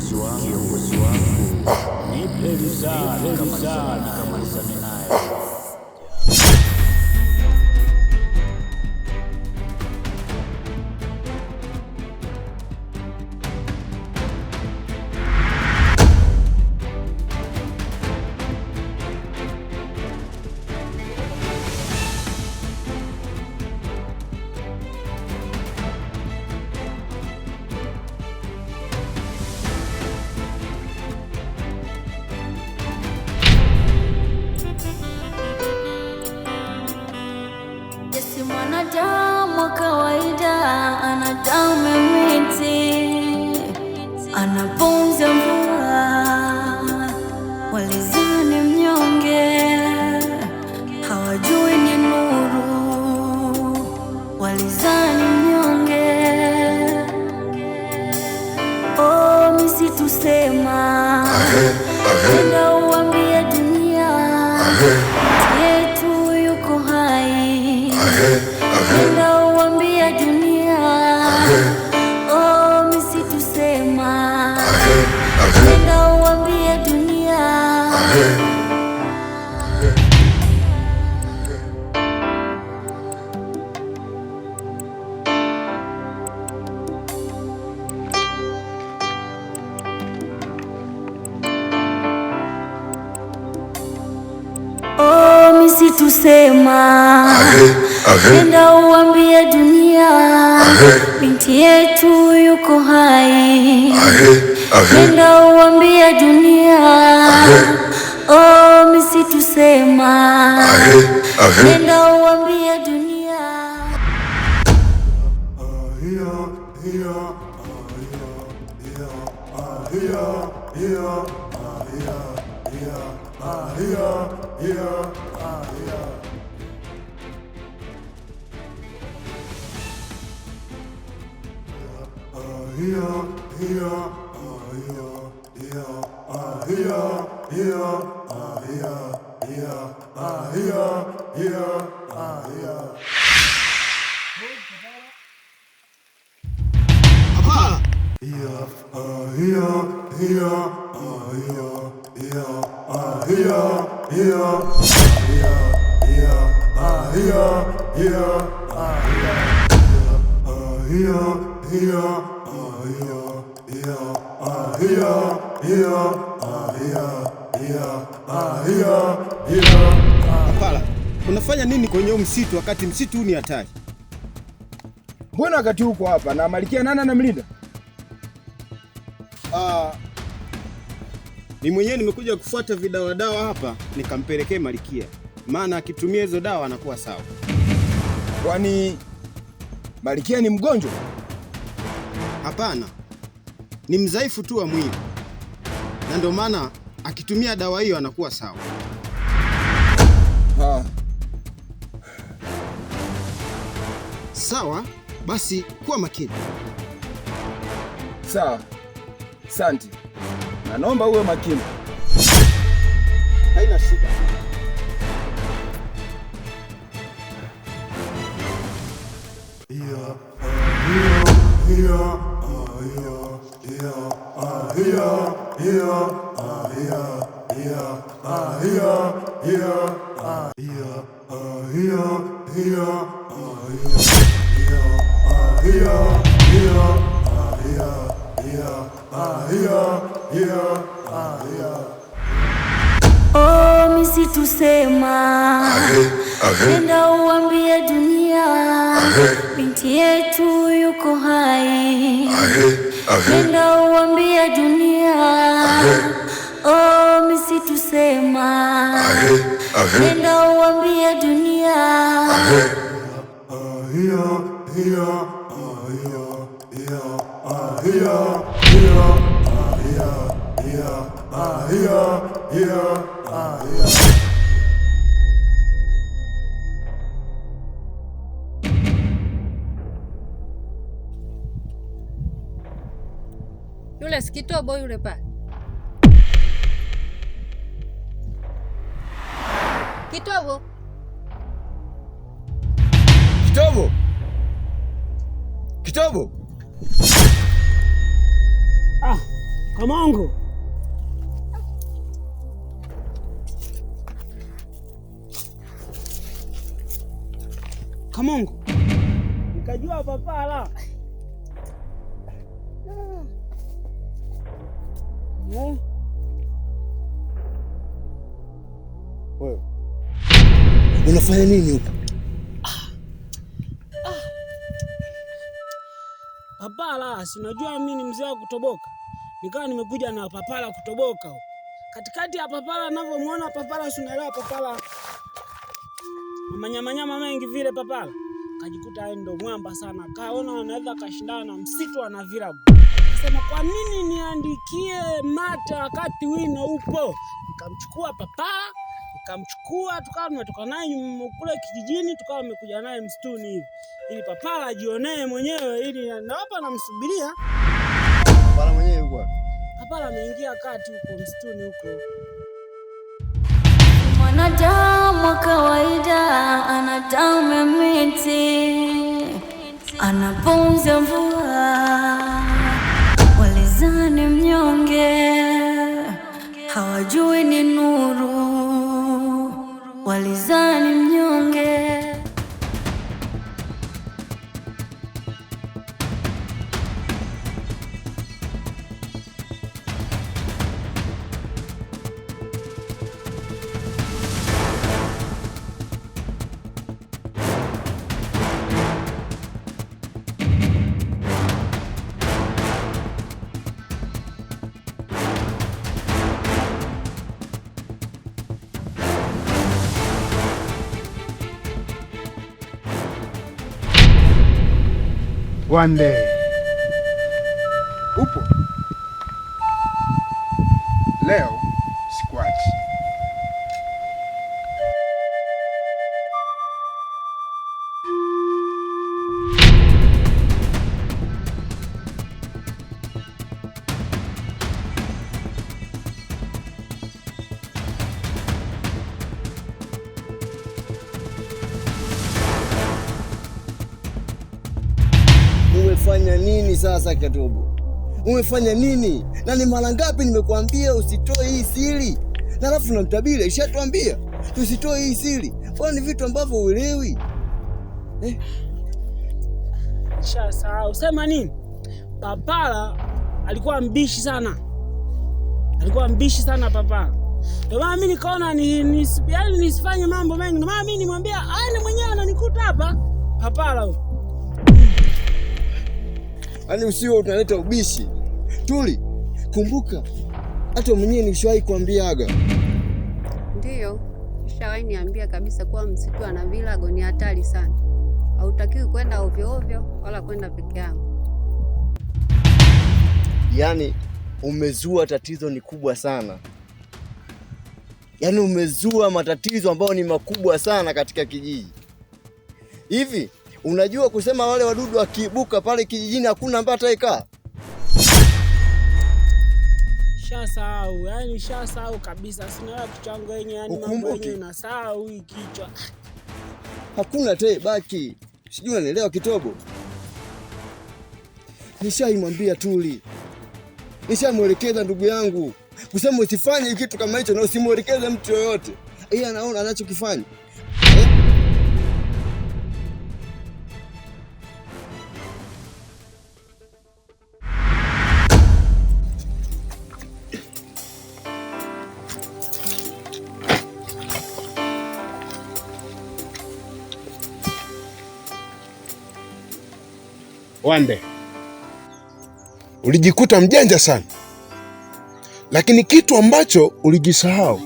kiongozi wangu, nipe rizaa nikamalizane naye wa kawaida anadamu miti anapo Nenda uambie dunia binti yetu yuko hai. Nenda uambie dunia oh, misitusema. Nenda uambie dunia Yeah. Mapala, unafanya nini kwenye huu msitu wakati msitu huu ni hatari? Mbona wakati huko hapa na malikia nani anamlinda? mlinda? Ah, ni mwenyewe nimekuja kufuata vidawadawa hapa nikampelekee malikia, maana akitumia hizo dawa anakuwa sawa. Kwani malikia ni mgonjwa? Hapana, ni mdhaifu tu wa mwili, na ndio maana akitumia dawa hiyo anakuwa sawa. Ha. Sawa basi, kuwa makini. Sawa, asante na naomba uwe makini. Haina shida. Yeah. Yeah. Yeah. Oh, enda uambie dunia binti yetu yuko hai, enda uambie dunia. Oh, misi tusema nenda uambie dunia yule sikitobo yule pa Kitovu. Kitobo. Kitovu. Ah, Kamango. Kamango. Nikajua la. Unafanya nini huko? Papala, si unajua mimi ni mzee wa kutoboka, nikawa nimekuja na papala kutoboka huko. Katikati ya papala navyomuona papala, si unaelewa papala nyama mengi vile, papala kajikuta yeye ndo mwamba sana, kaona anaweza kashindana na msitu ana virago. Kasema kwa nini niandikie mata wakati wino upo? Nikamchukua papala nikamchukua tukawa tumetoka naye kule kijijini, tukawa tumekuja naye msituni hivi ili papala ajionee mwenyewe, ili na hapa namsubiria papala mwenyewe huko. papala, ameingia kati huko msituni huko. Mwanadamu wa kawaida anatama miti, anapunza mvua, walizani mnyonge hawajui ni walizaa one day. umefanya nini sasa Katubu? Umefanya nini? Na ni mara ngapi nimekuambia usitoe hii siri? Na alafu na mtabile ishatuambia tusitoe hii siri. Mbona ni vitu ambavyo uelewi eh? Sasa sema nini? Papala alikuwa mbishi sana, alikuwa mbishi sana Papara. Ndio maana mimi nikaona ni, ni, nisifanye mambo mengi. Ndio maana mimi nimwambia aende mwenyewe ananikuta hapa Papala huyo yani usiwe unaleta ubishi. Tuli, kumbuka hata mwenyewe nishawahi kuambiaga. Ndiyo, nishawahi niambia kabisa kuwa msitu ana vilago ni hatari sana. Hautakiwi kwenda ovyo ovyo wala kwenda peke yako. Yaani umezua tatizo ni kubwa sana. Yaani umezua matatizo ambayo ni makubwa sana katika kijiji. Hivi Unajua kusema wale wadudu wakiibuka pale kijijini hakuna ambaye ataikaa. Shasahau, yani shasahau kabisa, sina la kuchango yenye yani mambo yenye nasahau kichwa. Hakuna tee baki. Sijui unanielewa kitobo. Nishaimwambia Tuli. Nishamwelekeza ndugu yangu. Kusema usifanye kitu kama hicho na usimwelekeze mtu yoyote. Yeye anaona anachokifanya. Wande, ulijikuta mjanja sana, lakini kitu ambacho ulijisahau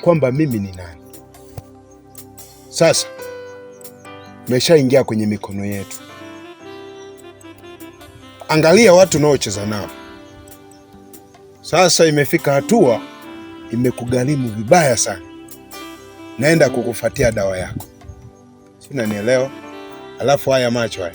kwamba mimi ni nani. Sasa meshaingia kwenye mikono yetu. Angalia watu unaocheza nao sasa. Imefika hatua imekugharimu vibaya sana, naenda kukufatia dawa yako. Sina nielewa. Alafu haya macho haya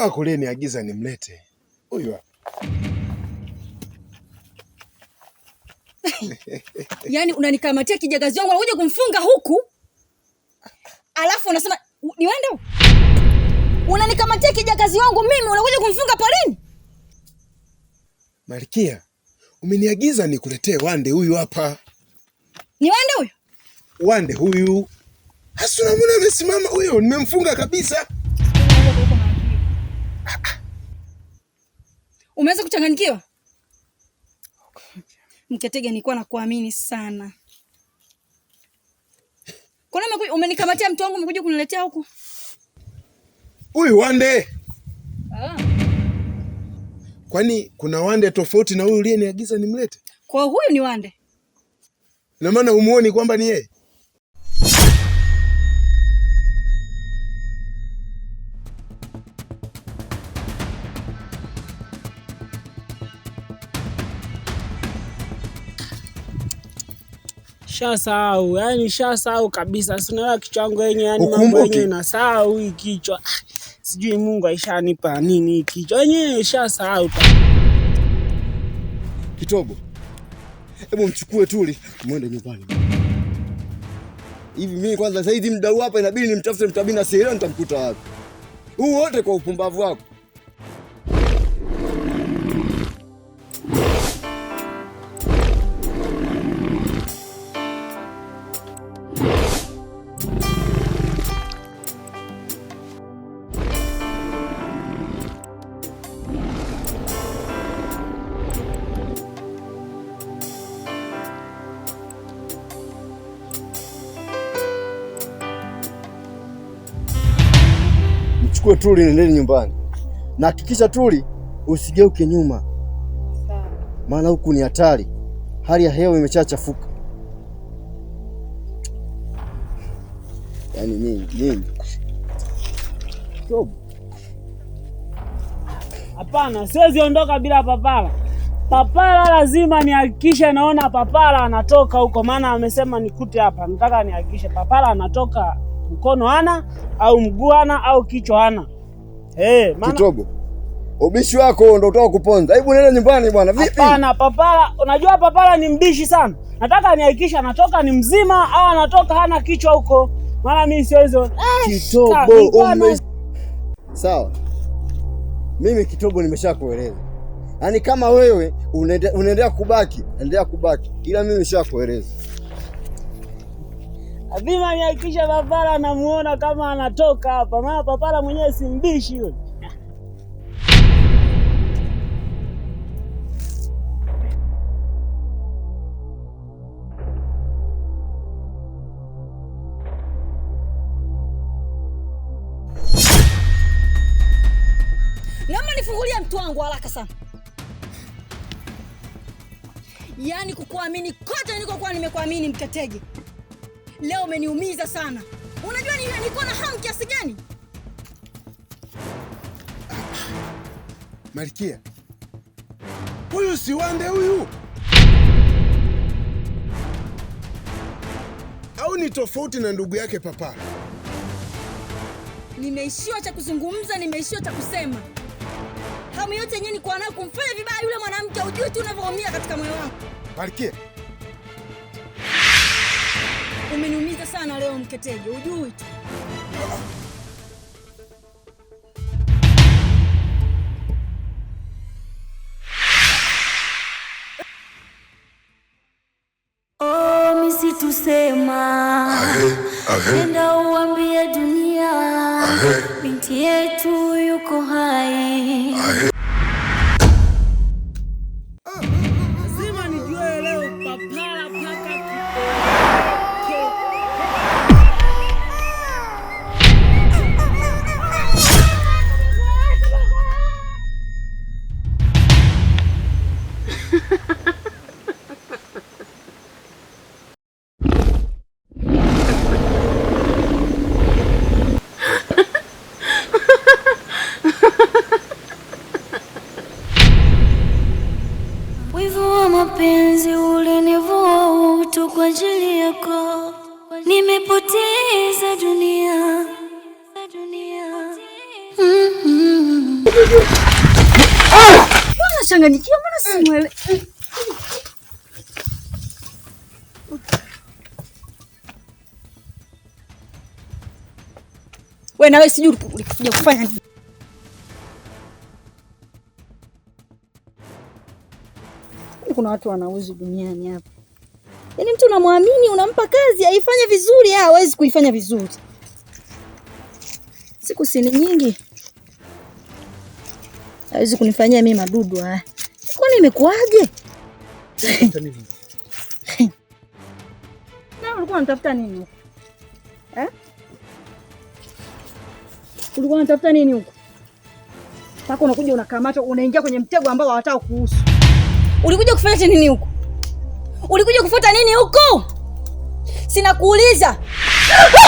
wako leni agiza nimlete huyu hapa. Yaani unanikamatia kijakazi wangu uje kumfunga huku, alafu unasema niende? Unanikamatia kijagazi wangu mimi, unakuja kumfunga polini? Malkia, umeniagiza nikuletee wande huyu hapa. Ni wande huyu, wande huyu hasa. Unamwona amesimama huyo, nimemfunga kabisa. Umeweza kuchanganyikiwa? Mketege, nilikuwa nakuamini sana. Kuna umenikamatia mtu wangu, umekuja kuniletea huku huyu Wande. Ah. Kwani kuna Wande tofauti na huyu uliyeniagiza nimlete? Kwa huyu ni Wande, na maana umuoni kwamba ni yeye? Shasahau, yani shasahau kabisa. Sina kichwa changu yenye yani mambo yenye nasahau hii kichwa. Ah, sijui Mungu aishanipa nini hii kichwa. Yenye shasahau. Kitobo. Hebu mchukue Tuli, mwende nyumbani. Hivi mimi kwanza saizi mdau hapa inabidi nimtafute mtabina sielewa nitamkuta wapi. Huu wote kwa upumbavu wako. mchukue Tuli, nendeni nyumbani, na hakikisha Tuli usigeuke nyuma, maana huku ni hatari, hali ya hewa imeshachafuka. Yaani nini nini? Hapana, siwezi ondoka bila papala. Papala lazima nihakikishe naona papala anatoka huko, maana amesema nikute hapa. Nataka nihakikishe papala anatoka mkono hana au mguu hana au kichwa hana. Hey, eh, maana... Kitobo, ubishi wako ndio utaka kuponza. Hebu nenda nyumbani bwana. Vipi? Hapana, papala, unajua papala ni mbishi sana. Nataka nihakikishe anatoka ni mzima au anatoka hana kichwa huko. Maana mimi siwezi. Eh, Kitobo, ume... Sawa. Mimi Kitobo nimeshakueleza. Yaani kama wewe unaendelea kubaki, endelea kubaki. Ila mimi nimeshakueleza lazima nihakikisha papara anamuona kama anatoka hapa, maana papara mwenyewe si mbishi yule. Nifungulia mtu wangu haraka sana. Yaani kukuamini kote nilikokuwa nimekuamini mketege Leo umeniumiza sana. Unajua niko na hamu kiasi gani? Malkia, huyu si Wande huyu, au ni tofauti na ndugu yake Papa? Nimeishiwa cha kuzungumza, nimeishiwa cha kusema. Hamu yote yenyewe ni kwa nayo kumfanya vibaya yule mwanamke. Ujui tu unavyoumia katika moyo wako. Malkia, sana leo mketeje, ujui tu. Oh, misitusema, uambie dunia, binti yetu ananichia, mbona simwele we nawe sijui ulikuja kufanya nini? Kuna watu wanauzi duniani hapa. Yaani mtu unamwamini unampa kazi aifanye vizuri, hawezi kuifanya vizuri. Siku sini nyingi hawezi kunifanyia mimi madudu haya. Eh. Kwani imekuwaje? Na ulikuwa unatafuta nini huko? Eh? Ulikuwa unatafuta nini huko? Paka unakuja unakamata unaingia kwenye mtego ambao hawataka kuhusu. Ulikuja kufanya nini huko? Ulikuja kufuta nini huko? Sina kuuliza.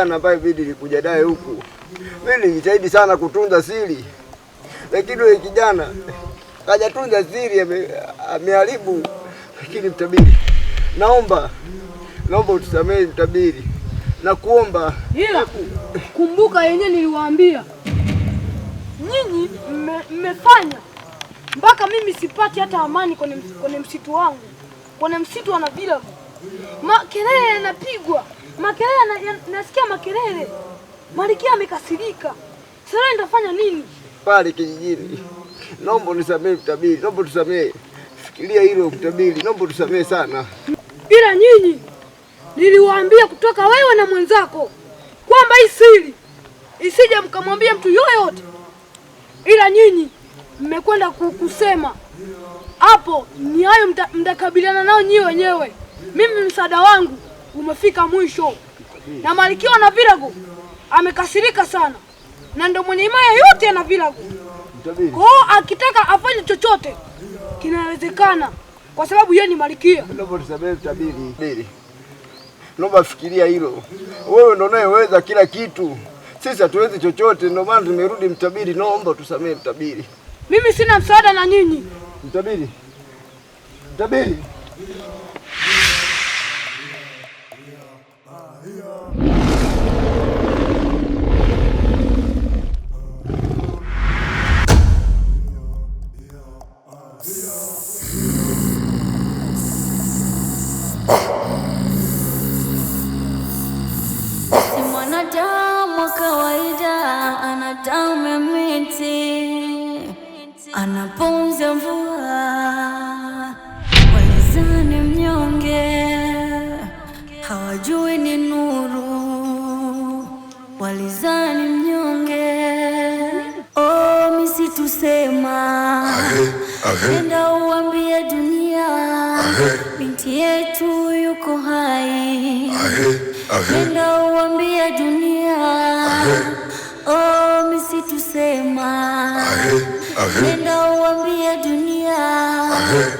jana ambaye vidi likuja naye huku, mimi nilijitahidi sana kutunza siri, lakini yule kijana hajatunza siri, ameharibu. Lakini mtabiri, naomba naomba utusamehe mtabiri na kuomba ila kumbuka, yenyewe niliwaambia nyinyi, mmefanya mpaka mimi sipati hata amani kwenye msitu wangu, kwenye msitu wana vilabu, makelele yanapigwa Makelele nasikia makelele. Malikia amekasirika. Sasa nitafanya nini? Pale kijijini. Naomba nisamee mtabiri. Naomba tusamee Fikiria hilo mtabiri. Naomba tusamee sana. Ila nyinyi niliwaambia kutoka wewe na mwenzako kwamba hii siri isije mkamwambia mtu yoyote, ila nyinyi mmekwenda kusema hapo. Ni hayo mtakabiliana nao nyinyi wenyewe. Mimi msaada wangu umefika mwisho, na Malkia na Virago amekasirika sana, na ndio mwenye imaya yote na Virago. Kwa hiyo akitaka afanye chochote kinawezekana, kwa sababu yeye ni Malkia. Naomba fikiria hilo, wewe ndio unayeweza kila kitu, sisi hatuwezi chochote, ndio maana tumerudi mtabiri. Naomba tusamee mtabiri, mimi sina msaada na nyinyi. Mtabiri, mtabiri Hallelujah. Uh, Nenda uambia dunia binti yetu yuko hai. Nenda uambia dunia oh, misitusema. Nenda uambia dunia